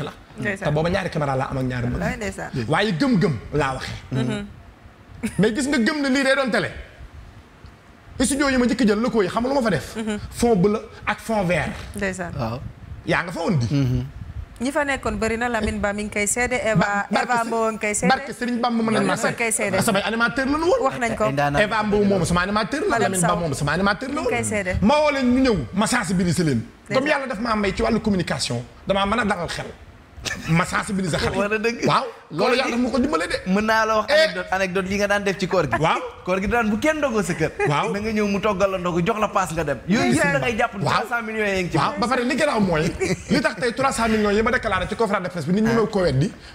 la te booba ñaari caméra laa am ak ñaari mbëgg waaye gëm-gëm laa waxee mm-hmm. mais gis nga gëm na lii day doon télé studio yi ma njëkk jël locaux yi xam lu ma fa def mm-hmm. fond bleu ak fond vert ndeysaan waaw yaa nga fa woon di mm-hmm. ñi fa nekkoon bëri na Lamine Ba mi ngi koy seede Eva Eva Mbow ngi koy seede barke Serigne Bamba mën ma seede ah, animateur la nu woon wax nañ ko Eva Mbow moom sama animateur la Lamine Ba moom sama animateur la woon ma woo leen ñëw ma sensibiliser leen comme yàlla daf maa ci wàllu communication damaa mën a dalal xel ma sensibiliser xale yi waaw loolu yàlla daf ma ko dimbale de mën naa la wax eh. anecdote anecdote yi nga daan def ci koor gi waaw koor daan bu kenn dogoo sa kër waaw na nga ñëw mu toggal la ndogu jox la paas nga dem yooyu yëpp da ngay jàpp trois cent millions yi ngi ci waaw ba a am mooy li tax tey trois cent millions yi ma déclaré ci conférence de presse bi nit ñi ma ko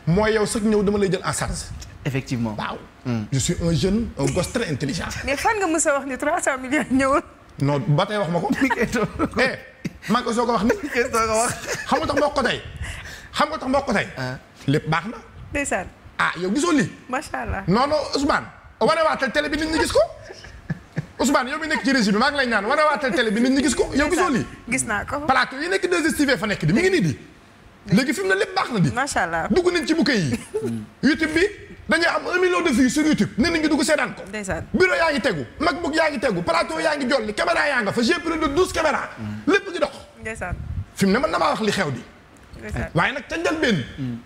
mooy yow sax ñëw dama lay jël en charge effectivement waaw hmm. je un jeune un gosse très intelligent mais fan nga mës a wax ni trois cent millions ñëwul wax ma ko eh, maa ngi ko soo ko ko wax xamul xam nga tax mbokk tey. Ah. lépp baax na. ndeysaan. ah yow gisoo lii. macha allah non non Ousmane. wane waatal télé bi nit ñi gis ko. Ousmane yow mi nekk ci régie bi maa ngi lay ñaan wane waatal télé bi nit ñi gis ko. yow gisoo lii. gis naa ko plateau yi nekk 2STV fa nekk di mi ngi nii di. léegi fi mu ne lépp baax na di. macha allah dugg nañ ci bouquet yi. YouTube bi dañuy am un de vues sur YouTube nit ñi dugg seetaan ko. ndeysaan yaa ngi tegu MacBook yaa ngi tegu plateau yaa ngi jolli caméra yaa nga fa j'ai plus de mm. xew di waaye nag ca njëlbéen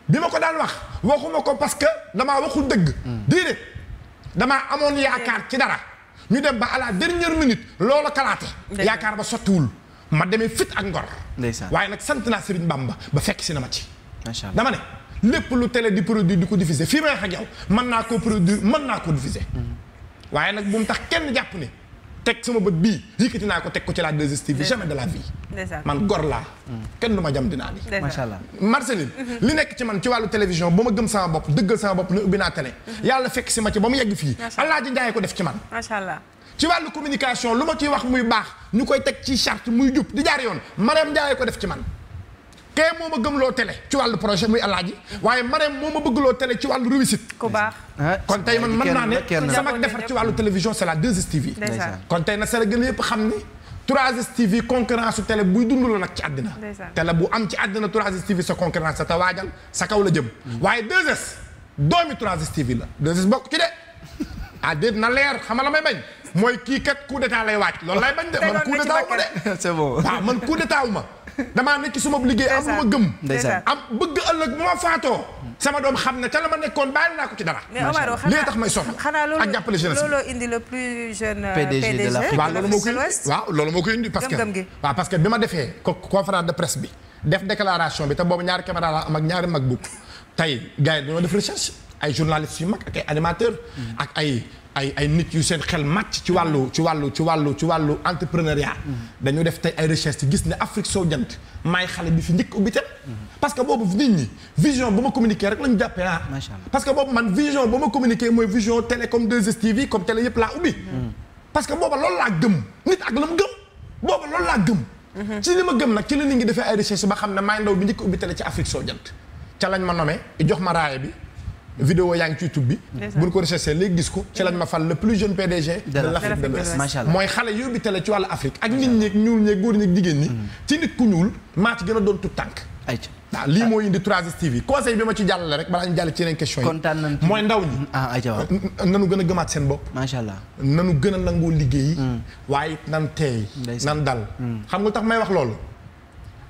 bi ma ko daan wax waxuma ko parce que damaa waxu dëgg déedéet damaa amoon yaakaar ci dara ñu dem ba à la dernière minute loola kalaate yaakaar ba sottiwul ma demee fit ak ngor waaye nag sant naa Serigne Bamba ba fekk si na ma ci dama ne lépp lu télé di produit di ko diffuser fii ma wax ak yow mën naa koo produire mën naa koo diffuser mm. waaye nag bu mu tax kenn jàpp ne teg sama bët bii yëkkati dinaa ko teg ko ci la 2STV jamais de la vie. man gor laa. kenn du ma jam dinaa nii. macha allah Marceline. Mhm. li nekk ci man ci wàllu télévision ba ma gëm sama bopp dëggal sama bopp ne ubbi naa télé. Mhm. yàlla fekk si ma ci ba mu yegg fii. Alaaji Njaay ko def ci man. macha ci wàllu communication lu ma ciy wax muy baax ñu koy teg ci charte muy jub di jaar yoon Mariam Njaay ko def ci man. kee moo gëm loo tele ci wàllu projet muy alaaji waaye Marème moo ma bëggloo télé ci wàllu réussite ku baax ah, kon tey man mën naa ne sama defar ci wàllu télévision c'est la 2STV kon tey na Sénégal yëpp xam ni 3STV concurrence su télé buy dund nag ci àddina télé bu am ci àddina 3STV sa concurrence sa tawaajal sa kaw la jëm waaye 2S doomi 3STV la 2S bokk ci de ah na leer xam la may bañ mooy kii kat coup d'état lay waaj loolu lay bañ de man ah, coup d'état wu ma de c'est ma damaa nekk suma liggéey am lu ma gëm am bëgg ëllëg bu ma faatoo sama doom xam ne ca la ma nekkoon bàyyi naa ko ci dara lii tax may sonn ak jàppale jeunesse looloo indi le PDG euh, de loolu moo koy waaw loolu moo koy indi parce que waaw parce que bi ma defee conférence de presse bi def déclaration bi te boobu ñaari caméra laa am ak ñaari mag book tey gars yi dañoo def recherche ay journalistes yu mag ak ay animateurs mm. ak ay ay ay nit yu seen xel màcc ci wàllu ci wàllu ci wàllu ci wàllu entrepreneuriat. dañu def tey ay recherche ci gis ne Afrique soo jant maay xale bi fi njëkk ubbi tam parce que boobu nit ñi vision ba ma communiqué rek la ñu jàppee ah. macha allah parce que boobu man vision ba ma communiqué mooy vision télé comme 2STV comme télé yëpp laa ubbi. Mm. parce que booba loolu laa gëm nit ak la mu gëm booba loolu laa gëm. Mm-hmm. ci li ma gëm nag ci la nit ñi defee ay recherche ba xam ne maay ndaw bi njëkk ubbi télé ci Afrique soo jant ca lañ ma nommé jox ma raaya bi. vidéo yaa ngi ci YouTube bi. bu ñu ko recherché léegi gis ko ci lañ ma fal le plus jeune PDG. de l' de l' Ouest mooy xale yóbbi télé ci wàll Afrique ak nit ñeeg ñuul ñeeg góor ñeeg jigéen ñi. Mm-hmm. ci nit ku ñuul maa ci gën a doon tout tànk. ayca waaw lii moo indi 3STV conseil bi ma ci jàllale rek balaa jàll ci yeneen question yi. kontaan mooy ndaw ñi. Mm-hmm. ah ayca waaw nanu gën a gëmaat seen bopp. macha allah nanu gën a nangoo liggéey. Mm. waaye nan teey nan dal. Mm. xam nga tax may wax loolu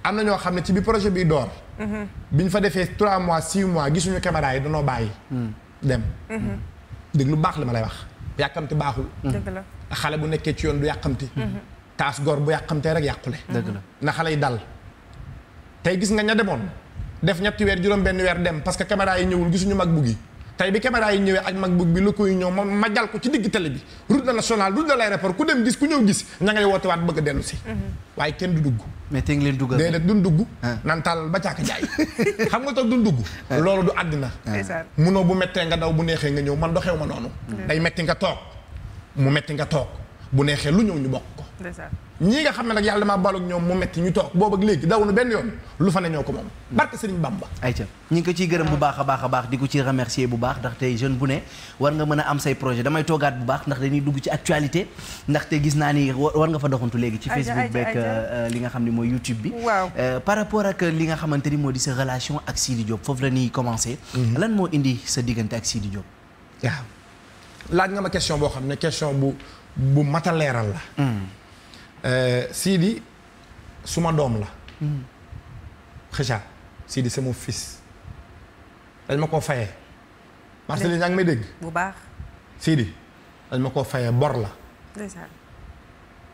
am na ñoo xam ne ci bi projet bi door. Mhm. bi ñu fa defee trois mois six mois gisuñu caméra yi danoo bàyyi. Mhm. dem. Mhm. dégg lu baax li ma lay wax. yàkkamti baaxul. dëgg xale bu nekkee ci yoon du yàkkamti. taas gor bu yàkkamtee rek yàqule. dëgg la na xale yi dal. tey gis nga ña demoon def ñetti weer juróom benn weer dem parce que caméra yi ñëwul gisuñu mag buggi tey bi caméra ñëwee ak MacBook bi lu koy ñëw ma ma jal ko ci digg télé bi route nationale route de l'aéroport ku dem gis ku ñëw gis ña ngay woote bëgg a dellu si mm-hmm. waaye kenn du dugg mais te leen dugg déedéet duñ dugg ah. nan ba caaka jaay xam nga tax duñ dugg ah. loolu du àddina ah. munoo bu mettee nga daw bu neexee nga ñëw man doxew ma noonu mm-hmm. day metti nga toog mu metti nga toog bu neexee lu ñëw ñu bokk ñii nga xam ne nag yàlla damaa baaloog ñoom mu metti ñu toog boobu ak léegi daw nu benn yoon lu fa ne ñoo ko moom barke Sëriñ Bamba ayca ñi ngi ko ciy gërëm bu baax a baax a baax di ko ciy remercier bu baax ndax tey jeune bu ne war nga mën a am say projet damay toogaat bu baax ndax dañuy dugg ci actualité ndaxte gis naa ni war nga fa doxantu léegi ci Facebook beeg euh, li nga xam ne mooy YouTube bi euh, par rapport ak li nga xamante ni moo di sa relation ak Sidi Diop foofu la ñuy commencé mhm. lan moo indi sa diggante ak Sidi Diop waaw laaj nga ma question boo xam ne question bu bu mataleeral la hmm. Euh, Sidi suma doom la. Hmm. Kheucha Sidi c'est mon fils. dañ ma koo fayee. Marceline yaa ngi may dégg. bu baax. dañ ma koo fayee bor la.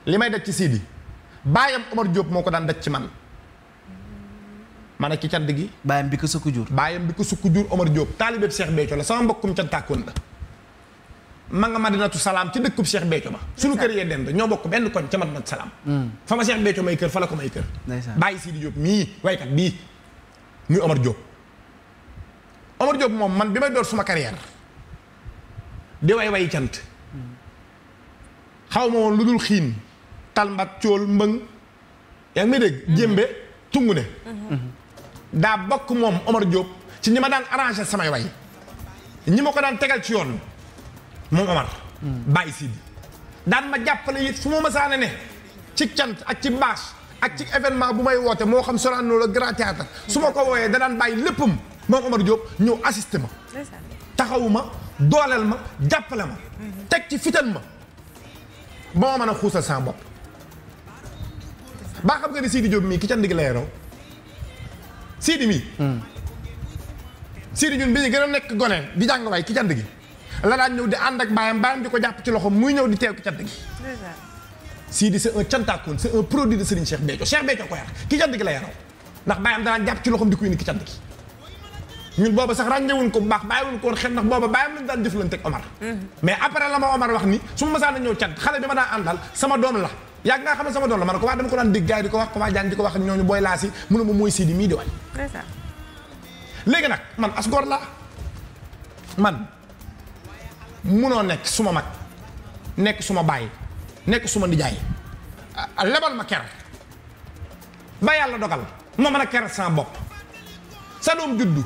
li may daj ci Sidi baayam Omar Diop moo ko daan daj ci man. ma nekk ci cant gi. baayam bi ko sukk jur. baayam bi ko sukk jur Omar Diop. taalibeeb Cheikh Béthio la sama mbokkum cantaakun la. ma nga madinatu salaam ci dëkkub Cheikh Béthio ba suñu kër yee dend ñoo bokk benn koñ ca madinatu salaam mm. fa ma Cheikh Béthio may kër fa la ko may kër bàyyi Sidi Diop mii waykat bii muy Omar Diop Omar Diop moom man bi may door suma carrière di way way cant xaw ma woon lu dul xiin talmbat cool mbëng yaa ngi may dégg mm-hmm. jémbe tungu ne mm-hmm. mm-hmm. daa bokk moom Omar Diop ci ñi ma daan arrangé samay way ñi ma ko daan tegal ci yoon moom Omar. bàyyi Sidi daan ma jàppale it fu ma masaane ne ci cant ak ci bâche ak ci événement bu may woote moo xam Sorano la Grand Théâtre su ma ko wooyee da daan bàyyi léppam moom Omar Diop ñëw assisté ma. taxawu ma dooleel ma jàppale ma. teg ci fitan ma ba ma mën a xuusal sama bopp. baa xam nga ni Sidi Diop mii ki ca ndig la yoroo Sidi mii. Hmm. Sidi ñun bi ñu gën a nekk gone di jàng waay ki ca ndig. la daan ñëw di ànd ak mbaayam mbaayam di ko jàpp ci loxo muy ñëw di teew ki cant gi Sidi c'est un cantakoon c'est un produit de Serigne Cheikh Béthio Cheikh Béthio ko yar ki cant gi la yaraw ndax baayam daan jàpp ci loxoom di ko indi ki cant gi ñun booba sax ràññewuñ ko bu baax bàyyiwuñ ko xel ndax booba bàyyam lañ daan jëflante ak Omar mm-hmm. mais après la ma Omar wax ni su ma masaan a ñëw cant xale bi ma daan àndal sama doom la yàgg ngaa xam ne sama doom la ma ne ko waa dama ko daan dégg gars yi di léegi nag man asgoor laa man munoo nekk suma mag nekk suma baay nekk suma nijaay ah, lebal ma ker ba yàlla dogal ma mën a ker sans bopp sa doom juddu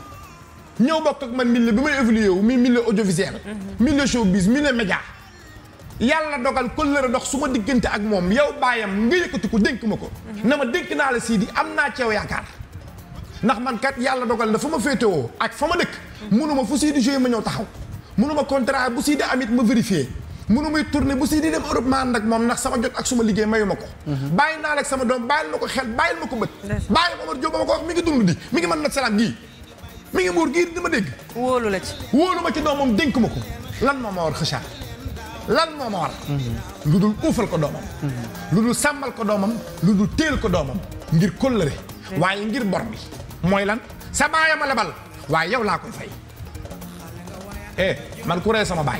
ñëw bokk ak man milieu bi may évolué wu muy milieu audiovisuel mhm. milieu showbiz milieu média yàlla dogal kóllëre dox su ma diggante ak moom yow baayam nga yëkkati ko dénk ma ko mhm. na ma dénk naa la sii di am naa ceew yaakaar ndax man kat yàlla dogal na fa ma féetewoo ak fa ma dëkk mënuma mhm. fu sii di joué ma ñëw taxaw mënuma contrat bu siy de amit ma vérifié mënu muy tourné bu si di dem Europe ma ànd ak moom ndax sama jot ak suma liggéey mayu ma ko mhm. bàyyi naa ak sama doom bàyyil ma ko xel bàyyil ma ko bët bàyyi Omar Diop ba ma ko wax mi ngi dund di mi ngi mën nag mi ngi muur gii di ma dégg wóolu la ci wóolu ma ci doomam dénk ma ko lan moo ma war xëccaar lan moo ma war mhm. lu dul uufal ko doomam mhm. lu dul sàmmal ko doomam lu dul téel ko doomam ngir kóllëre waaye ngir bor bi mooy lan sa baayam a lebal waaye yow laa koy fay eh man ku rey sama baay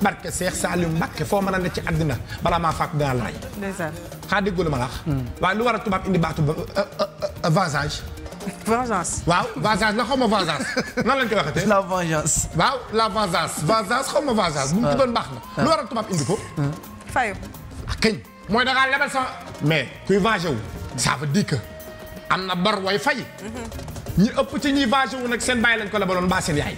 barke Seex Saaliw Mbàkke foo mën a ne ci àddina balaa maa fàq dinaa la rey. xaa déggul ma la wax. Hmm. waaye lu war a tubaab indi baatu euh, euh, euh, vengeance. vengeance. waaw vengeance la ma lañ koy waxatee. la vengeance. waaw la vengeance. vengeance xaw ma vengeance. bu mu tuddoon ah. baax na. Ah. lu war a tubaab ko. Hmm. fayu. Ah, kañ mooy da ngaa lebal sama. mais kuy venger wu. ça veut dire am na bor way fay. Mhm. ñu ëpp ci ñuy basé wu nag seen bàyyi lañ ko la baloon mbaa seen yaay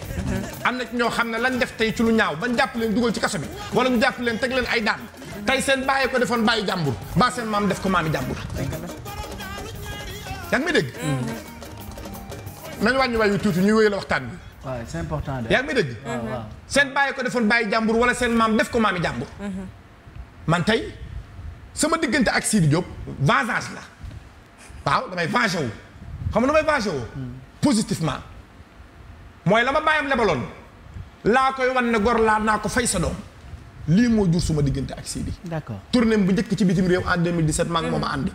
am na ñoo xam ne lañ def tey ci lu ñaaw bañ jàpp leen dugal ci kaso bi wala ñu jàpp leen teg leen ay daan tey seen bàyyi ko defoon bàyyi jàmbur mbaa seen maam def ko maami jàmbur yaa ngi may dégg mm-hmm. nañ wàññi tuuti ñuy wéy waxtaan bi waaw c'est de yaa ngi may dégg seen bàyyi ko defoon bàyyi jàmbur wala seen maam def ko maami jàmbur mm-hmm. man tey sama diggante ak Sidi Diop vengeance la waaw damay vengé wu xam nga nu may vengé woo hmm. positivement mooy la ma bàyyam lebaloon laa ne gor laa naa ko fay sa doom lii moo jur suma diggante ak Sidi d'accord tournée bu njëkk ci bitim réew en 2017 maa ngi moom a hmm. ànd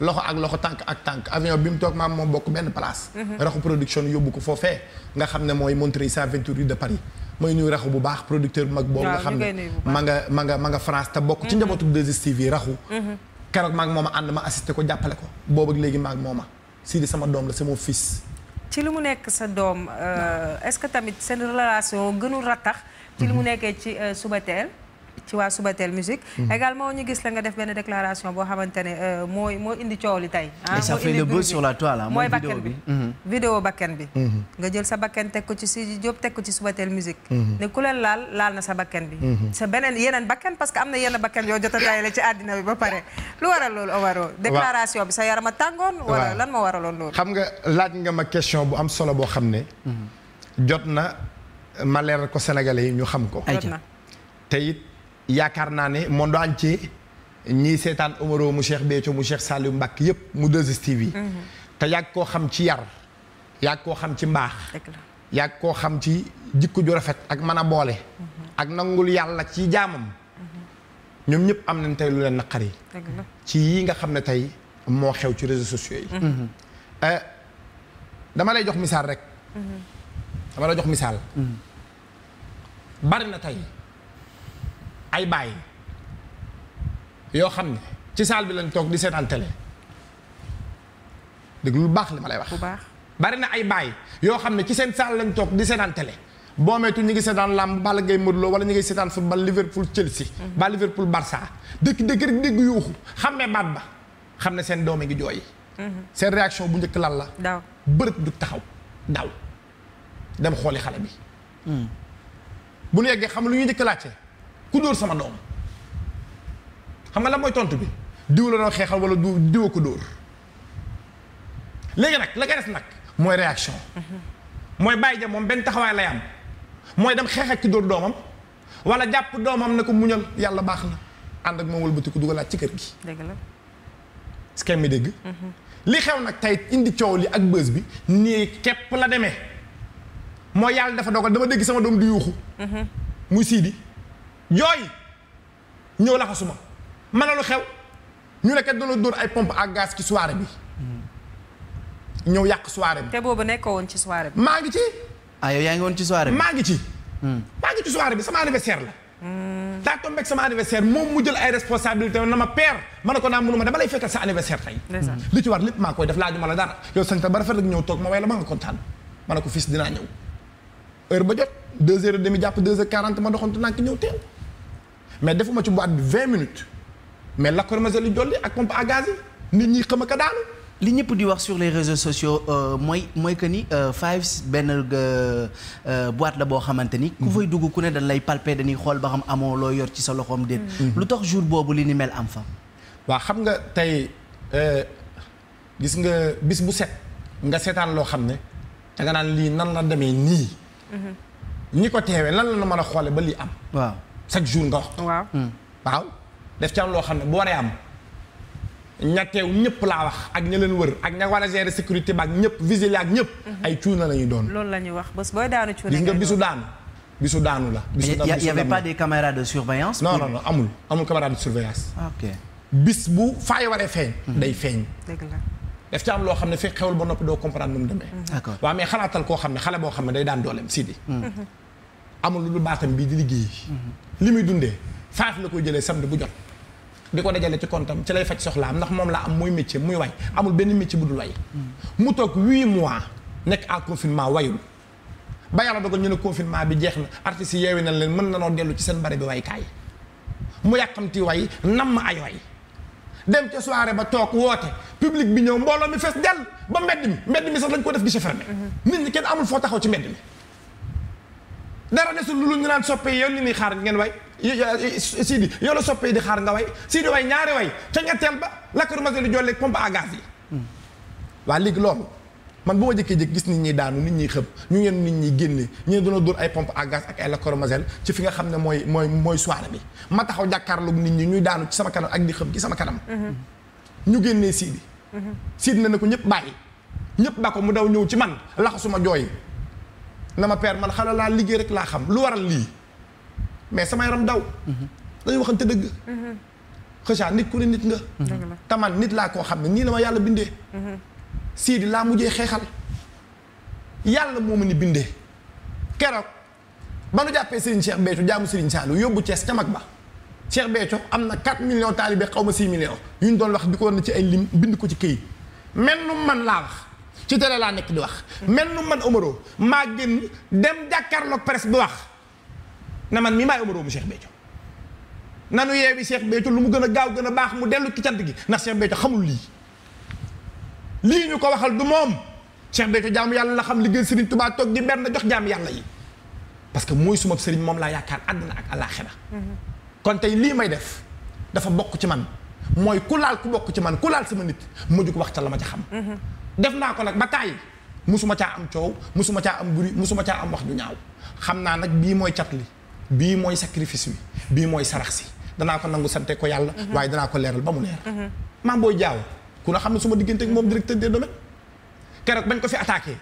loxo ak loxo tànk ak tànk bi mu toog maam moom bokk benn place hmm. production yóbbu ko foofee nga xam ne mooy Montreuil sa vingt rue de Paris mooy ñuy raxu bu baax producteur bu mag boobu nga xam ne ma nga ma nga nga France te bokk ci njabootu 2STV raxu keroog maag mooma ànd ma assisté ko jàppale ko boobu ak léegi maag mooma Sidi sama doom la c'est mon ci li mu nekk sa doom euh, est-ce que tamit seen relation gënul rattax. ci li mu mhm. nekkee ci euh, suba teel ci waa Subatel musique mhm. également ñu gis la nga def benn déclaration boo xamante ne euh, mooy moo indi coow li tey ah ça fait sur la toile mooy bakken bi mhm. vidéo bakken bi mhm. nga jël sa bakken teg ko ci si Diop teg ko ci Subatel musique ne ku leen laal laal na sa bakken bi sa beneen yeneen bakken parce que am na yenn bakken yoo jot a la ci àddina bi ba pare lu waral loolu Omaro déclaration bi sa yarama tàngoon wala lan moo waraloon loolu xam nga laaj nga ma question bu am solo boo xam ne na ma ko Sénégalais yi ñu xam ko te it yaakaar naa ne monde entier ñi seetaan Omaro mu Cheikh Béthio mu Cheikh Saliou Mbacké yépp mu 2STV mhm. te yàgg koo xam ci yar yàgg koo xam ci mbaax yàgg koo xam ci jikko ju rafet ak mën a boole mhm. ak nangul yàlla ci jaamam mhm. ñoom ñëpp am nañ tey lu leen naqari ci yi nga xam ne tey moo xew ci réseaux sociaux yi euh, dama lay jox misaal rek dama lay jox misaal bari na tey ay bàyyi yoo xam ne ci saal bi lañ toog di seetaan télé dégg lu baax li ma lay wax. bu baax bari na ay bàyyi yoo xam ne ci seen saal lañ toog di seetaan télé boo meetu ñu ngi seetaan làmb Balla Gaye Modou Lo wala ñu ngi seetaan football Liverpool Chelsea. Mhm. ba Liverpool Barça dëkk dëkk rek dégg yuuxu xam ne baat ba xam ne seen doom a ngi jooy. Mhm. seen réaction bu njëkk lan la. daaw bërët du taxaw daw dem xooli xale bi. Mm. bu ñu yeggee xam lu ñuy njëkk laajte. ku dóor sama doom xam nga la mooy tontu bi diw la doon xeexal wala du diwa ko dóor léegi nag la nga des nag mooy réaction mm-hmm. mooy bàyyi ja moom benn taxawaay lay am mooy dem xeex ak dóor doomam wala jàpp doomam ne ko muñal yàlla baax na ànd ak moom wëlbatiku dugalaat ci kër gi dëgg la est mi dégg mm-hmm. li xew nag tey indi coow li ak bës bi nii képp la demee mooy yàlla dafa dogal dama dégg sama doom di yuuxu mm-hmm. muy siidi yooyu ñëw laxasu ma ma ne lu xew ñu ne kat doon dóor ay pompe à gaz ci soirée bi ñëw yàq soirée bi. te boobu nekkoo woon maa ngi ci. ah yow yaa ngi woon ci soirée bi. maa ngi ci. Hmm. maa ngi ci soirée bi sama anniversaire la. Hmm. daa tombé sama anniversaire moom mu jël ay responsabilité na ma père ma ne ko naa mënuma dama lay fekkal sa anniversaire tey. Hmm. li ci war lépp maa koy def laajuma la dara yow sant ba rafet rek ñëw toog ma way la ma nga kontaan ma ne ko fils dinaa ñëw heure ba jàpp deux heures quarante ma doxantu naa ki ñëw teel. mais defuma ci boîte bi vingt minutes mais lacrymogène yi dolli ak pompe à gaz yi nit ñi xam ka daanu. li ñëpp di wax sur les réseaux sociaux euh, mooy mooy que ni euh, Fives benn euh, boîte la boo xamante ni. ku mhm. fay dugg ku ne dañ lay palper dañuy xool ba xam amoo loo yor ci sa loxoom déet. Mhm. Mhm. lu tax jour boobu li ni am fa. waa xam nga tey gis nga bis bu set nga seetaan loo xam ne danga naan lii nan la demee nii. ñi ko teewee lan la mën a xoole ba lii am. waaw. chaque jour nga wax. waaw hmm. def ci am loo xam ne bu waree am ña teew ñëpp laa wax ak ña leen wër ak ña war a gérer sécurité ba ak ñëpp vigile ak ñëpp. Hmm. ay cuuna la ñuy doon. loolu la ñuy wax bés booy daanu cuuna gis nga bisu daanu. bisu daanu la. bisu daanu y avait pas des caméras de surveillance. non non non ah, bis bu faay waree feeñ. Hmm. day feeñ. dëgg la. daf ci am loo xam ne fekk xewul ba noppi doo comprendre nu mu demee. mais xalaatal koo xam ne xale boo xam ne day daan dooleem Sidi. amul lu dul baatam bii di liggéey. Mhm. li muy dundee faaf la koy jëlee samedi bu jot. di ko dajale ci kontam ci lay faj soxlaam ndax moom laa am muy métier muy way amul benn métier bu dul way. Mhm. mu toog huit mois nekk en confinement wayul ba yàlla dogal ñu ne confinement bi jeex na artistes yi yeewi nañ leen mën na noo dellu ci seen bari bi kaay mu yàqamti way nam ay way dem ca soirée ba toog woote public bi ñëw mbooloo mi fees dell ba mbedd mi mbedd mi sax ko def guichet fermé mhm. nit ñi kenn foo taxaw ci mbedd mi dara desul lu ñu naan soppe yow li ñuy xaar ngeen way Sidi yow la soppee di xaar nga way Sidi way ñaari way ca ñetteel ba lakkaromase lu jolleeg pompe à gaz yi hmm. waa léegi loolu man bu ma jëkkee-jëkk gis nit ñi daanu nit ñi xëpp ñu ngeen nit ñi génne ñu ne dana dóor ay pomp à gaz ak ay lacrymogène ci fi nga xam ne mooy mooy mooy bi ma taxaw jàkkaarloog nit ñi ñuy daanu ci sama kanam ak di xëpp ci sama kanam hmm. ñu génnee Sidi hmm. Sidi na ne ko ñëpp bàyyi ñëpp ba ko mu daw ñëw ci man laxasuma jooy na ma père man xala laa liggéey rek laa xam lu waral lii mais sama yaram daw. dañu waxante dëgg. xëcca nit ku ne nit nga. taman nit laa koo xam ne nii la ma yàlla bindee. sii di laa mujjee xeexal. yàlla moo ma ni bindee. keroog ba nu jàppee Serigne Cheikh Béthio jaamu Serigne Saliou yóbbu cees ca mag ba. Cheikh Béthio am na 4 millions taalibe xaw ma sii millions. yu ñu doon wax di ko woon na ci ay lim bind ko ci këyit. mel nu man laa wax. ci télé laa nekk di wax. mel nu man Omaro maa génn dem jàkkaarloog presse bi wax na man mii maay Omaro mu Cheikh Béthio nanu yeewi seex Béthio lu mu gën a gaaw gën a baax mu dellu ci cant gi ndax Cheikh Béthio xamul lii lii ñu ko waxal du moom Cheikh Béthio jaamu yàlla la xam liggéey Serigne Touba toog di benn jox jaamu yàlla yi parce que mooy suma Serigne moom laa yaakaar àddina ak àllaaxira kon tey lii may def dafa bokk ci man mooy ku laal ku bokk ci man ku sama nit mujj ko wax ca la ma ca xam. def naa ko nag ba tàyyi musuma caa am coow musuma caa am bruit musuma caa am wax ju ñaaw xam naa nag bii mooy cat li bii mooy sacrifice bi bii mooy sarax si danaa ko nangu sante ko yàlla mhm. waaye danaa ko leeral ba mu leer mhm. maam booy jaaw ku na xam ne suma diggante ak moom directeur des domaines keroog bañ ko fi attaqué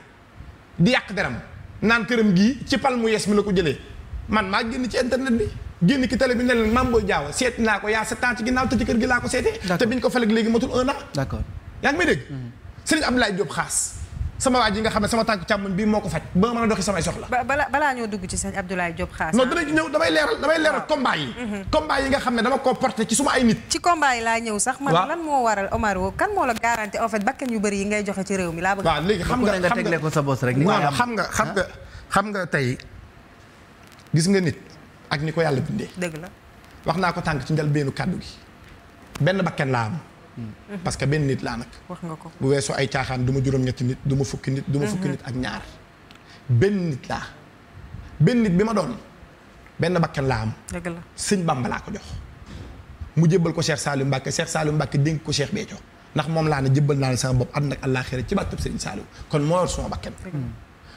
di yàq deram naan këram gii ci pal mu yees mi la ko jëlee man maa génn ci internet bi génn ki télé bi ne leen maam booy jaaw seet naa ko yaa sept ans ci ginnaaw te gi laa ko seetee te biñ ko faleg Serigne Abdoulaye Diop xaas sama waa yi nga xam ne sama tànk càmmoñ bii moo ko faj ba mën a doxi samay soxla. balaa balaa ñoo dugg ci sëñ Abdoulaye Diop xaas. non ah. danañ ñëw damay leeral damay leeral combat yi. Mhm. combat yi nga xam ne dama ko porté ci suma ay nit. ci combat laa ñëw sax. man lan moo waral Omar Wo kan moo la garanti en fait yu bëri yi ngay joxe ci réew mi laa bëgg. waaw léegi xam nga xam nga ko sa boss rek. waaw xam nga xam nga xam nga tey gis nga nit ak ni ko yàlla bindee. dëgg la wax naa ko tànk ci njëlbeenu kàddu gi benn bakken laa Mm-hmm. parce que benn nit laa nag. wax nga ko bu weesoo ay caaxaan du ma juróom-ñetti nit duma ma fukki nit. du ma fukki mm-hmm. nit ak ñaar. benn nit laa benn nit bi ma doon benn bakkan laa am. dëgg la sëñ Bamba laa ko jox. mu jébbal ko Cheikh Saliou Mbacke Cheikh Saliou Mbacke dénk ko Cheikh Béthio ndax moom laa ne jébbal naa ne sama bopp àdduna ak àllaaxira ci bàttub Serigne Saliou kon moo yor sama bakkan. Mm.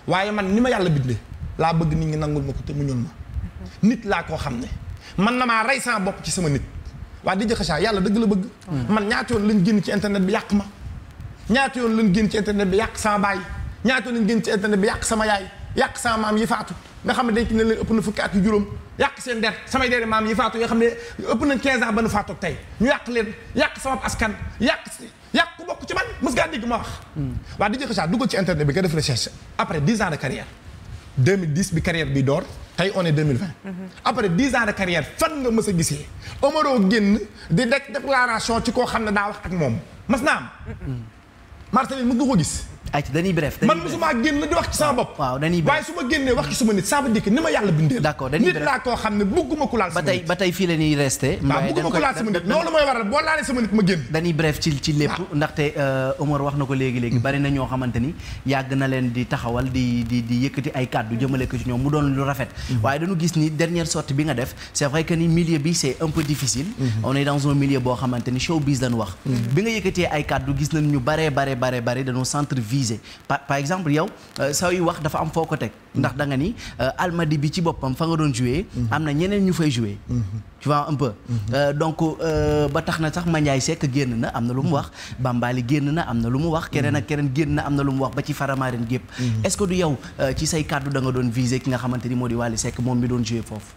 waaye man ni ma yàlla bindee laa bëgg nit ñi nangul ma ko te muñul ma. Mm-hmm. nit laa koo xam ne man na maa rey sama bopp ci sama nit. waa di jëxasaa ah, yàlla dëgg la bëgg hmm. man ñaata yoon lañ génn ci internet bi yàq ñaata yoon lañ génn ci internet bi yàq sama baay ñaata yoon lañ génn ci internet bi yàq sama yaay yàq sama maam yi faatu nga xam ne dañ ne leen ëpp na fukki at yu juróom yàq seen der samay der maam yi faatu yoo xam ne ëpp nañ 15 ans ba nu faatoog tey ñu yàq leen yàq sama askan yàq yàq ku bokk ci man mës ngaa dégg ma wax hmm. waa di jëxasaa ah, duggal ci internet bi nga def recherche après 10 ans de carrière 2010 bi carrière bi tey on est 2020. Mm-hmm. après dix ans de carrière fan nga mës gisee Omaro génn di déclaration ci koo xam ne daa wax ak moom mas naa am. Marcelin mën nga ko gis. ay dañuy bref man génn di wax ci sama bopp. waaw dañuy bref waaye su ma génnee wax ci sama nit ça veut ni ma yàlla bindee. d'accord dañuy bref nit laa koo xam ne bugguma ku sama nit. ba tey ba tey fii la ñuy resté. waaw bugguma ku laal sama nit loolu mooy waral boo laalee sama nit ma génn. dañuy bref ci lépp ndaxte euh, Omar wax na ko léegi léegi mm. bari na ñoo xamante ni yàgg na leen di taxawal di di di yëkkati ay kaddu jëmale ko ci ñoom mu doon lu rafet. Mm-hmm. waaye dañu gis ni dernière sortie bi nga def c'est vrai que ni milieu bi c'est un peu difficile. Mm-hmm. viser par exemple yow euh, say wax dafa am foo ko teg ndax da nga ni euh, almadi bi ci boppam fa nga doon jouer mhm. am na ñeneen ñu fay jouer mhm. tu vois un peu mhm. euh, donc ba tax na sax Mandiaye Seck génn na am na lu mu wax Bambali génn na am na lu mu wax keneen ak keneen génn na am na lu mu wax ba ci Faramaren gépp est-ce que du yow ci say kàddu da nga doon viser ki nga xamante ni moo di Wally sekk moom mi doon jouer foofu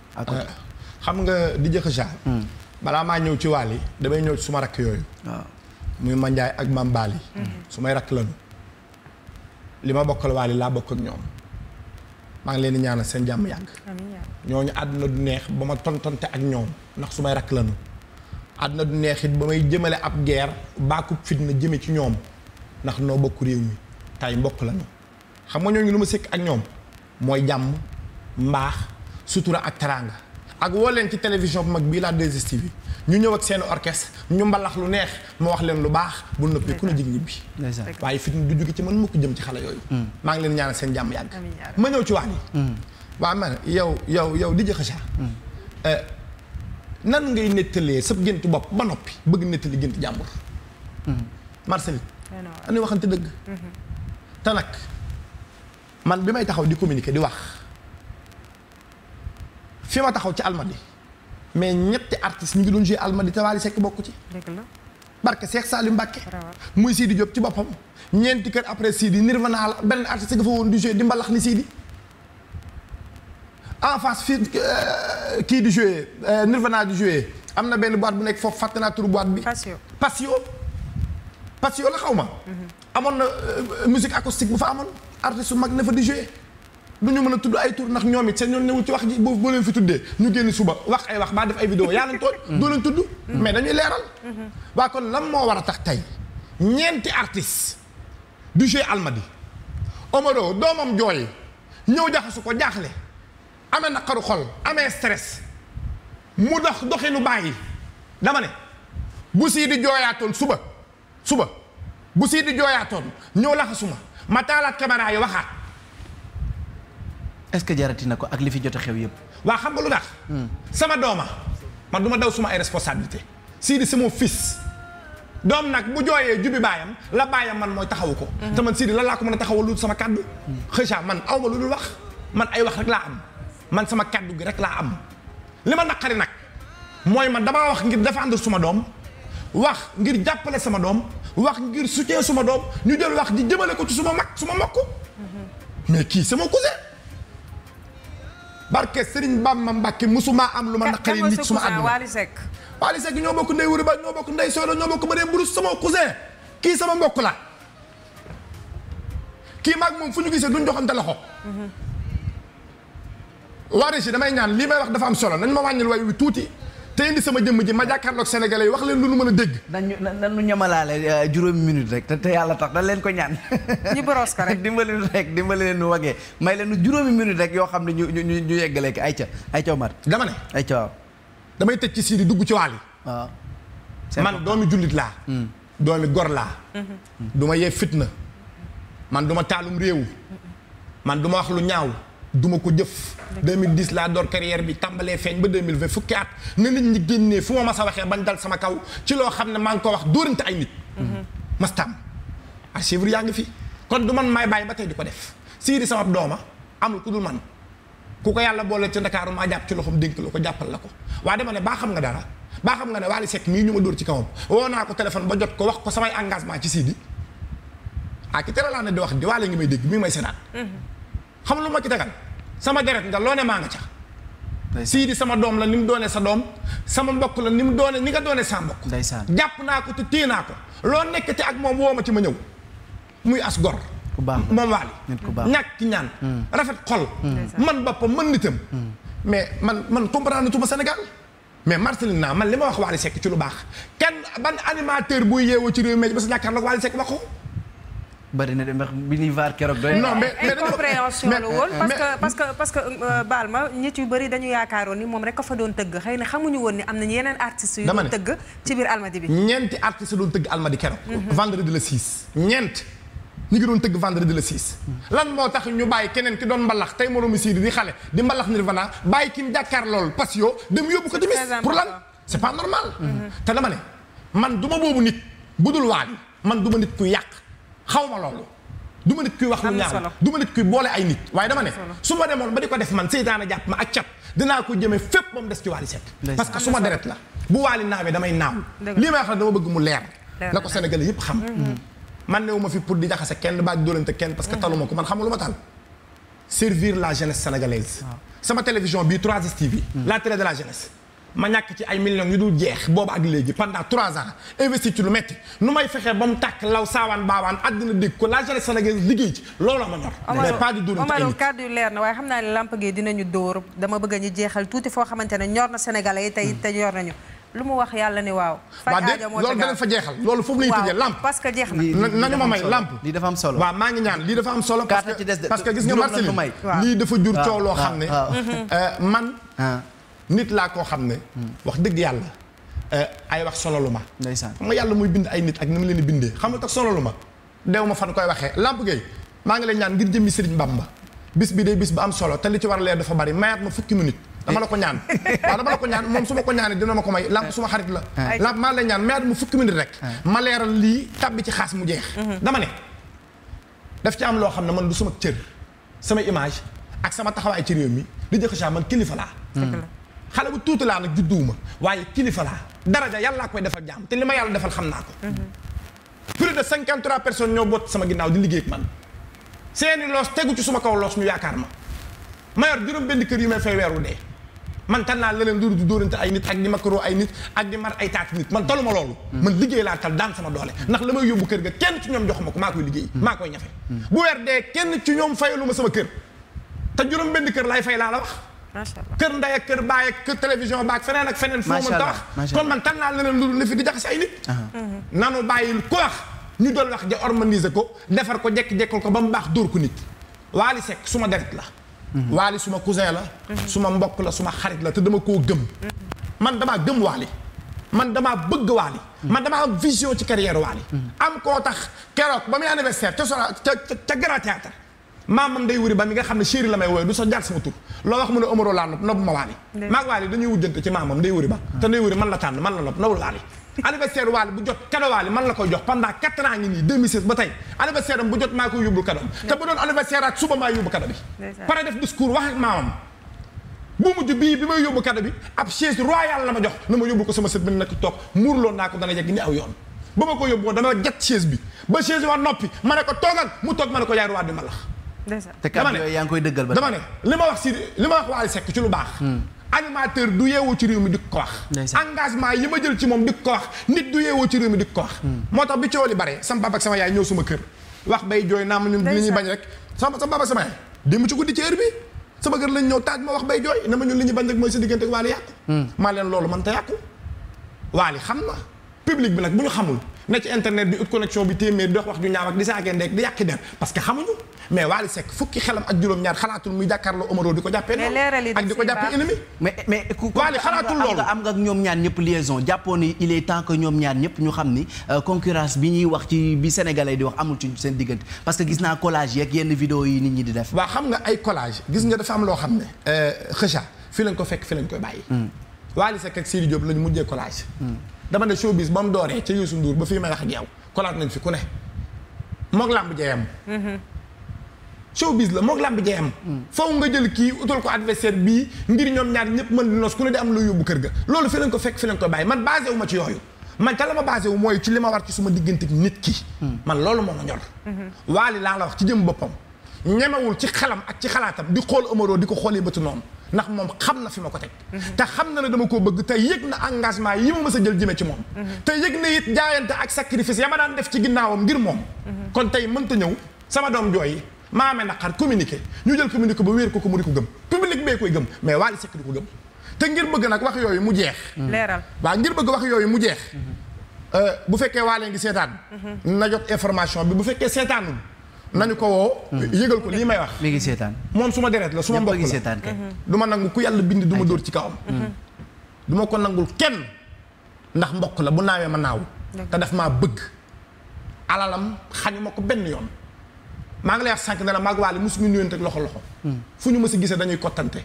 xam nga di jëkk genre hmm. balaa maa ñëw ci Wally damay ñëw ci suma rakk yooyu waaw ah. muy ak Bambali hmm. li ma bokkal waali laa bokk ak ñoom maa ngi leen di ñaanal seen jàmm yàgg. ñooñu àdduna du neex ba ma tontonte ak ñoom ndax su may rakk lanu àdduna du neex it ba may jëmale ab guerre baakub fitna jëme ci ñoom ndax noo bokk réew mi tay mbokk lanu xam nga ñooñu lu ma sëkk ak ñoom mooy jàmm mbaax sutura ak teraanga. ak woo leen ci télévision bu mag bii laa 2STV ñu ñëw ak seen orchestre ñu mbalax lu neex ma wax leen lu baax bu noppee ku la jig ñibbi waaye fitna du jóge ci man mukk jëm ci xale yooyu mm. maa ngi leen ñaanal seen jàmm yàgg ma ñëw ci wax ni mm. waa man yow mm. euh, nan ngay nettalee sab gént bopp ba noppi bëgg nettali gént jàmbur Marcel dañuy waxante dëgg mm-hmm. te nag man bi may taxaw di communiquer di wax fi ma taxaw ci almadi mais ñetti artistes ñu ngi doon joué almadi te Wally Seck bokku ci. dëgg la barke Seex Salim Mbàkke muy Sidi Diop ci boppam. ñeenti kër après Sidi Nirvana la benn artiste nga fa woon di joué di mbalax ni Sidi. en face fii euh, kii di joué euh, Nirvana di joué am na benn boîte bu nekk foofu fàtte naa turu boîte bi. Passion Passion. Passion la xaw ma. Mhm. amoon na euh, musique acoustique bu fa amoon artiste su mag na fa di joué. ñu mën a tudd ay tour ndax ñoom it seen ñoon newul ci wax ji boo boo leen fi tuddee ñu génn suba wax ay wax baa def ay vidéo yaa leen tooñ mm-hmm. du leen tudd mm-hmm. mais dañuy leeral mm-hmm. waa kon lan moo war a tax tey ñeenti artiste du jeu almadi omaro doomam jooy ñëw jaxasu ko jaaxle amee naqaru xol amee stress mu dox doxinu bàyyi dama ne bu sii di jooyaatoon suba suba bu sii di jooyaatoon ñëw laxasuma ma taalaat caméra waxaat est-ce que jarati na ko ak li fi jot a xew yëpp. waa xam nga lu tax. Hmm. sama dooma man du daw suma ay responsabilité Sidi c'est mon fils. doom nag mu jooyee jubi baayam la baayam man mooy taxawu ko. Hmm. te man Sidi laa mën a taxawal lu sama kaddu. Hmm. xëcca man aw ma lu wax man ay wax rek laa am man sama kaddu gi rek laa am. li ma naqari nag mooy man damaa wax ngir défendre suma doom wax ngir jàppale sama doom wax ngir soutien suma doom ñu jël wax di jëmale ko ci suma mag suma mokk mais kii sama cousin. barke Serigne Bamba Mbacke musuma am lu ma naqari nit suma àdduna Waly Seck Waly Seck ñoo bokk ndey wuri ba ñoo bokk ndey soono ñoo bokk ma dee burus sama cousin kii sama mbokk la kii maag moom fu ñu gisee duñ joxante loxo mhm. waaris yi damay ñaan lii may wax dafa am solo nañ ma wàññil way wi tuuti te indi sama jëmm ji ma jàkkaarloog sénégalais yi wax leen lu nu mën a dégg. nañu nañu ñamalaale euh, juróomi minute rek te te yàlla tax dañ leen ko ñaan. ñu boros ko rek dimbali rek dimbali leen nu wagee may leen juróomi minute rek yoo xam ne ñu ñu ñu yeggaleeg ay ayca Omar. dama ne. ayca waaw. damay tëj ci Sidi dugg ci waal yi. waaw. man doomi jullit laa. Mm. doomi gor laa. Mm-hmm. du ma yee fitna. man du ma taalum réew. man du ma wax lu ñaaw. duma ko jëf 2010 laa door carrière bi tàmbalee feeñ ba 2020 fukki at na nit ñi génnee fu ma mas a waxee bañ dal sama kaw ci loo xam ne maa ngi ko wax dóorante ay nit mastaam archive yaa ngi fi kon du man may bàyyi ba tey di ko def siiri sama dooma amul ku dul man ku ko yàlla boole ci ndakaaru maa jàpp ci loxoom dénk la ko jàppal la ko waaye dama ne baa xam nga dara baa xam nga ne Wally Seck mii ñu ma dóor ci kawam woo naa ko téléphone ba jot ko wax ko samay engagement ci siidi ah ki laa ne di wax di waale ngi may dégg mi ngi may seetaan mm-hmm. xam lu ma ci tegal sama deret nga loo ne maa nga ca di sama doom la ni mu doone sa doom sama mbokk la ni mu doone ni nga doone sa mbokk jàpp naa ko te téye naa ko loo nekk te ak moom woo ma ci ma ñëw muy as gor moom waali ñàkk ci ñaan mm. rafet xol mm. man boppam man nitam mm. mais man man comprendre tuma Sénégal mais Marceline naa man li ma wax Waly Seck ci lu baax kenn ban animateur buy yeewoo ci réew mi ba sa ñàkkaar la Waly Seck wax ko bari na dem ndax bi ñuy vaar keroog doy non parce que parce que parce euh, que baal ma nit yu bëri dañu yaakaaroon ni moom rek ko fa doon tëgg xëy na xamuñu woon ni am nañu yeneen artistes yu doon tëgg ci biir almadi bi ñeenti artistes doon tëgg almadi keroog mhm. vendredi le 6 ñeent ñu ngi doon tëgg vendredi le 6 mhm. lan moo tax ñu bàyyi keneen ki doon mbalax tey moroomi siidi di xale di mbalax nirvana bàyyi ki mu jàkkaar lool parce que dem yóbbu ko timis pour lan c'est pas normal mhm. te dama ne man duma boobu nit ku yàq xaw loolu du ma nit kuy wax lu ñaaw du ma nit kuy boole ay nit waaye dama ne su ma demoon ba di ko def man seytaane jàpp ma ak cat dinaa ko jëmee fépp ba mu des ci parce que su ma deret la bu Wally naawee damay naaw lii may wax la dama bëgg mu leer na ko Sénégalais yëpp xam mm-hmm. man newuma fi pour di jaxase kenn baa di dóolante kenn parce que mm-hmm. taluma ko man xamul lu ma tal servir la jeunesse sénégalaise sama télévision bii 3STV mm-hmm. la télé de la jeunesse ma ñàkk ci ay millions yu dul jeex booba ak léegi pendant trois ans investi ci lu may fexe ba mu tàkk law saawaan baawaan àddina dégg ko la jeunesse liggéey ci looloo ma ñor. mais na waaye xam naa ne lamp gi dinañu dóor dama jeexal tuuti foo xamante ne ñor na sénégalais yi tey hmm. te ñor nañu. lu mu wax yàlla ni waaw. faj aajo moo loolu dana fa jeexal loolu foofu la ñuy tëjee lamp parce jeex na nañu ma may lamp lii dafa am solo waaw maa ngi ñaan lii dafa am lii dafa jur ah, coow loo xam ne ah, ah. Euh, man nit laa koo xam ne. wax dëgg yàlla eh, ay wax solo lu ma. ndeysaan xam nga yàlla muy bind ay nit ak ni mu leen di bindee xam nga tax solo lu ma. dew ma fan koy waxee Lamp Gueye maa ngi lay ñaan ngir jëmmi mbam ma bis bi day bis bu am solo te li ci war a leer dafa bari mayaat ma fukki nit dama la ko ñaan waaw dama la ko ñaan moom su ma ko ñaanee dina ma ko may lamp suma xarit la ah. lamp maa lay ñaan mayaat ma fukki minute rek ah. ma leeral lii tàbbi ci xaas mu jeex mm-hmm. dama ne ci am loo xam ne man du sama cër sama image ak sama taxawaay ci réew mi di jëkk saa kilifa laa xale bu tuuti laa nag judduwuma waaye kilifa laa daraja yàllaa koy defal jaam te li ma yàlla defal xam naa ko plus de cinquante trois personnes ñoo boot sama ginaaw di liggéey ak man seeni loos tegu ci suma kaw loos ñu yaakaar ma ma yor juróom benn kër yu may fay wu dee man tan naa leneen loolu du dóorante ay nit ak di makaroo ay nit ak di mar ay taat nit man taluma loolu man liggéey laa tal daan sama doole ndax la may yóbbu kër ga kenn ci ñoom jox ma ko maa koy liggéey maa koy ñafe bu weer kenn ci ñoom fayalu ma sama kër te juróom benn kër laay fay laa la macha kër nday kër baay ak kër télévision baak feneen ak feneen. macha allah foo mën tax kon man tànn naa leneen lu ne fi di jaxase ay nit. Mhm. nanu bàyyil ku wax dool doon wax ja organiser ko defar ko jekk-jekkal ko ba mu baax dóor ko nit. Waly sek suma deret la. Mhm. Waly suma cousin la. Mhm. suma mbokk la suma xarit la te dama koo gëm. man damaa gëm Waly. man damaa bëgg Waly. man damaa am vision ci carrière Waly. am koo tax keroog ba muy anniversaire ca Sora ca ca Grand Théâtre maamam day wuri ba mi nga xam ne chéri la may wooye du sax jaar sama tur loo wax mu ne Omaro laa nopp nopp ma waali maag waali dañuy wujjante ci maamam day wuri ba mm. te day wuri man la tànn man la nopp nawul bi pare def discours wax ak ma jox na ma yóbbu ko sama sët bi nekk toog muurloon naa ko dana yegg ni aw yoon ba ma ko yóbbu ne ko toogal mu toog ma ne ko yaay roi di malax te kàddu yooyu yaa ngi koy dëggal ba dama ne li ma wax si li ma wax Wally Seck ci lu baax hmm. animateur du yeewoo ci réew mi di ko wax engagement yi ma jël ci moom di ko wax nit du yeewoo ci réew mi di ko wax hmm. moo tax bi coow li bare sama papa ak sama yaay ñëw suma kër wax bay jooy naa ma ñun li ñuy bañ rek sama sama papa ak sama yaay démb ci guddi ci heure bi sama kër lañ ñëw taaj ma wax bay jooy na ma ñun li ñuy bañ rek mooy sa diggante ak Wally yàqu hmm. leen loolu man te yàqu Wally xam na public bi nag bu ñu xamul ne ci internet bi ut connexion bi téeméer di wax wax ju ñaaw ak di saagee ndek di yàqi der parce xamuñu mais Wally Seck fukki xelam ak juróom-ñaar xalaatul muy jàkkaarloo Omaro di ko jàppee noonu ak di ko ñëpp liaison jàppoon ni il est temps que ñoom ñaar ñëpp ñu xam euh, wax ci bi sénégalais di wax amul ci seen diggante parce que gis naa collage yeeg yenn vidéo yi nit ñi di def waaw xam nga ay collage gis nga dafa am loo xam ne xëca euh, fi lañ ko fekk fi lañ koy bàyyi hmm. Wally Seck ak Sidi Diop lañ mujjee collage hmm. dama ne showbiz ba mu dooree ca Youssou Ndour ba fii may wax ak yow kolaat nañ fi ku ne moog làmb jeyam mhm. showbiz la moog làmb jeyam mm. faw nga jël kii utal ko adversaire bii ngir ñoom ñaar ñëpp mën di nos ku ne di am lu yóbbu kër ga loolu fi lañ ko fekk fi lañ ko bàyyi man basé wu ma ci yooyu man ca la ma basé wu mooy ci li ma war ci suma diggante nit ki mm. man loolu moo ma ñor mhm. waali laa la wax ci jëm boppam ñemewul ci xelam ak ci xalaatam di xool Omaro di ko xoolee bëtu noonu ndax moom xam na fi ma ko teg mhm. te xam na ne dama ko bëgg te yëg na engagement yi ma mës a jël jëme ci moom mhm. te yëg na it jaayante ak sacrifice ya daan def ci ginnaawam ngir moom mhm. kon tey mënta ñëw sama doom jooyi maame naqar communiqué ñu jël communiqué ba wéer ko ko mu di ko gëm public bee koy gëm mais Wally Seck di ko gëm te ngir bëgg nag wax yooyu mu jeex leeral mu jeex euh, bu fekkee Wally ngi seetaan na jot information bi bu fekkee seetaanul nañu ko woo. yëgal ko lii may wax. mi seetaan moom su ma dereet la su ma mbokk la seetaan du ma nangu ku yàlla bind du ma dóor ci kawam. Mm-hmm. du ma ko nangul kenn ndax mbokk la bu naawee ma naaw. te daf maa bëgg. alalam xañu ma ko benn yoon. maa ngi lay wax sànq ne la maag waale mosuñu nuyonte ak loxo loxo. Mm. fu ñu mës a gisee dañuy kottante.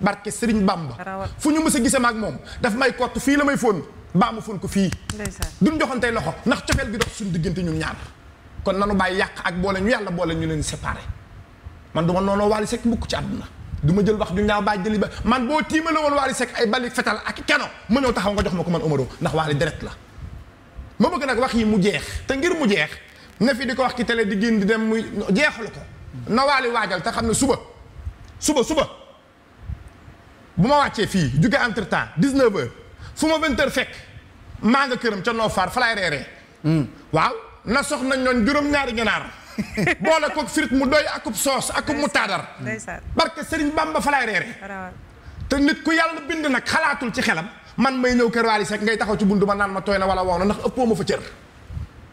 barke Serigne Bamba. fu ñu mës a gisee moom daf may kott fii la may fóon baa ma fóon ko fii. duñ joxantey loxo ndax cofeel gi dox suñu diggante ñun kon nanu bàyyi yàq ak boole ñu yàlla boole ñu leen séparé man du ma noonu Wally Seck mukk ci àdduna duma ma jël wax du ñaaw bàyyi jëli ba man boo tiimale woon Wally Seck ay bali fetal ak keno ma ñëw taxaw nga jox ma ko man Omaro ndax Wally deret la ma bëgg nag wax yi mu jeex te ngir mu jeex ne fi di ko wax ci télé di génn di dem muy jeexalu ko na Wally waajal te xam ne suba suba suba bu ma wàccee fii jóge entre temps 19 heures fu ma 20 fekk maa nga këram ca Noo Faar fa laay reeree hmm. waaw na soxna ñoon juróom-ñaari ganaar boole kook firit mu doy akub soos akub mu taadar barke sëriñ Bamba fa laay reere te nit ku yàlla bind nag xalaatul ci xelam man may ñëw kër Wally Seck ngay taxaw ci buntu ma naan ma tooy na wala wow na ndax ëppoo ma fa cër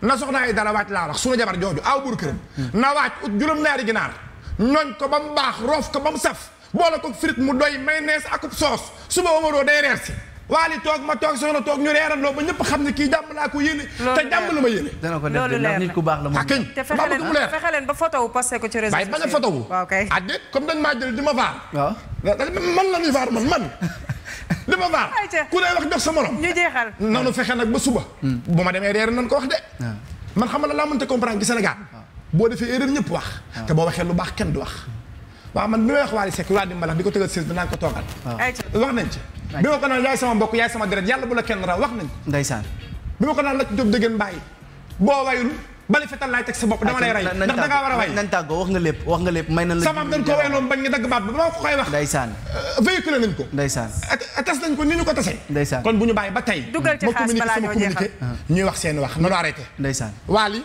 na soxna ay dara waaj laa wax sunu jabar jooju aw buru këram hmm. na waaj ut juróom-ñaari ganaar ñooñ ko ba mu baax roof ko ba mu saf boole kook firit mu doy may mayonnaise akub soos suba amadoo day reer si waali toog ma toog soxna toog ñu reerandoo ba ñëpp xam ne kii jàmm laa ko yéene te jàmm la ma yéene dana ko def ndax mu leer ah, leen ba photo wu posté ko ci réseau waaye bañ a photo wu waaw kay man la ñuy vaar man man ma vaar ku lay wax jox sa morom ñu jeexal fexe nag ba suba hmm. bu ma demee reer nan ko wax de ah. man xam la laa te comprendre ci Sénégal ah. boo defee erreur ñëpp wax te boo waxee lu baax kenn di wax waaw man bi weex wax Waly laa waa di mbalax di ko tëgal siis bi naan ko toogal wax nañ ci bi ma ko naan yaay sama mbokk yaay sama deret yàlla bu la kenn raw wax nañ ko ndeysaan bi ma ko la ci jóg dëggeen boo wayul bali fetal laay teg sa bopp dama lay rey ndax da ngaa war a way wax nga lépp wax nga lépp may na la samaam dañ ko way loon bañ nga dagg baat ba ma ko koy wax ndeysaan euh, véhiculé nañ ko ndeysaan tas nañ ko ni ñu ko tasee ndeysaan kon bu ñu bàyyi ba tey ma communiqué sama communiqué ñuy wax seen wax nanu arrêté ndeysaan waali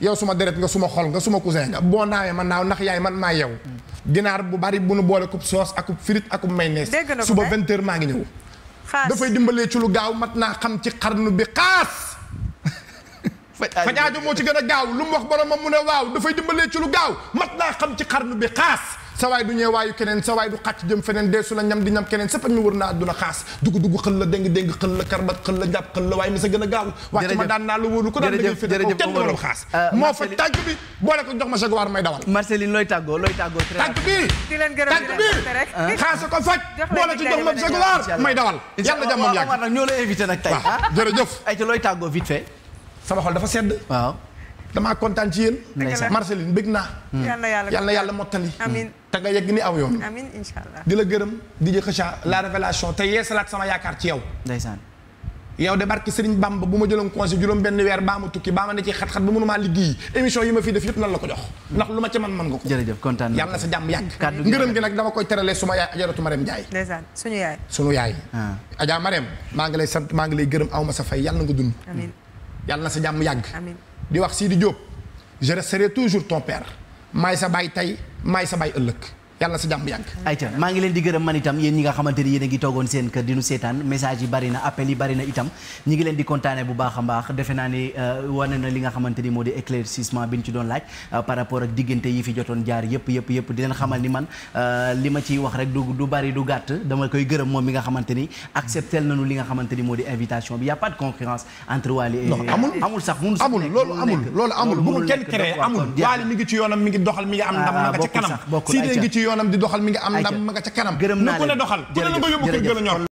yow suma deret nga suma xol nga suma cousin nga boo naawee man naaw ndax yaay man maa yow ginaar bu bari bu nu boole kub soos ak kub frite ak kub mayonnaise suba vingt heures maa ngi ñëw dafay dimbalee ci lu gaaw mat naa xam ci xarnu bi xaas faj aajo moo ci gën a gaaw lu mu wax ma mu ne waaw dafay dimbalee ci lu gaaw mat naa xam ci xarnu bi xaas sa waay du ñëw waayu keneen sa waay du xàcc jëm feneen deesu la ñam di ñam keneen sëppañ mi wër naa àdduna xaas dugg dugg xël la déng déng xël la karbat xël la jàpp xël la waaye mi sa gën a gaaw wàcc ma daan naa la wóolu ko daan dëgg fi kenn wala xaas euh, moo fa tàgg bi boole ko jox ma jaguar may dawal Marceline looy tàggoo looy tàggoo tàgg bi tàgg bi xaasa ko faj boole ci jox ma jaguar may dawal yàlla jàmmam yàgg nag ñoo la invité nag tey jërëjëf ay ci looy tàggoo vite fait sama xol dafa sedd waaw damaa kontaan ci yéen. Marceline bëgg naa. Hmm. yal na yàlla mottali. Hmm. amiin te nga yegg ni aw yoon. amiin di la gërëm di jë xëcca la révélation te yeesalaat sama yaakaar ci yow. ndeysaan. yow de barki Serigne Bamba bu ma jëloon conseil juróom benn weer baa ma tukki baa ma ne ci xat-xat bu mënumaa liggéey émission yi ma fii def yëpp nan la ko jox ndax lu ma ca man man nga ko jërëjëf kontaan naa yàlla na sa jàmm yàgg ngërëm gi nag dama koy teralee suma yaay ajaratu yaay ajaa ah. Marème maa ngi lay sant maa ngi lay gërëm aw ma sa fay yàlla na nga dund amiin yàlla na sa jàmm yàgg di wax Sidi Diop je resterai toujours ton père maay sa baay tey maay sa baay ëllëg yàlla sa jàmm yàgg. ayca maa ngi leen di gërëm man itam yéen ñi nga xamante ni a ñi ngi leen bu baax a baax defe naa ni euh, wane na li nga xamante moo di éclaircissement bi ñu ci doon laaj euh, par rapport ak diggante yi fi jotoon jaar yëpp yëpp yëpp xamal ni man euh, li ma ciy wax rek du bari du gàtt dama koy gërëm moom mi nga xamante ni accepté nañu li nga xamante moo di invitation bi y' a pas de concurrence entre Wally amul amul sax mënu amul mu kenn yoonam di doxal mi nga am ndam ma nga ca kanam. gërëm naa leen ku ne doxal ku ne la nga yóbbu kër gën a ñor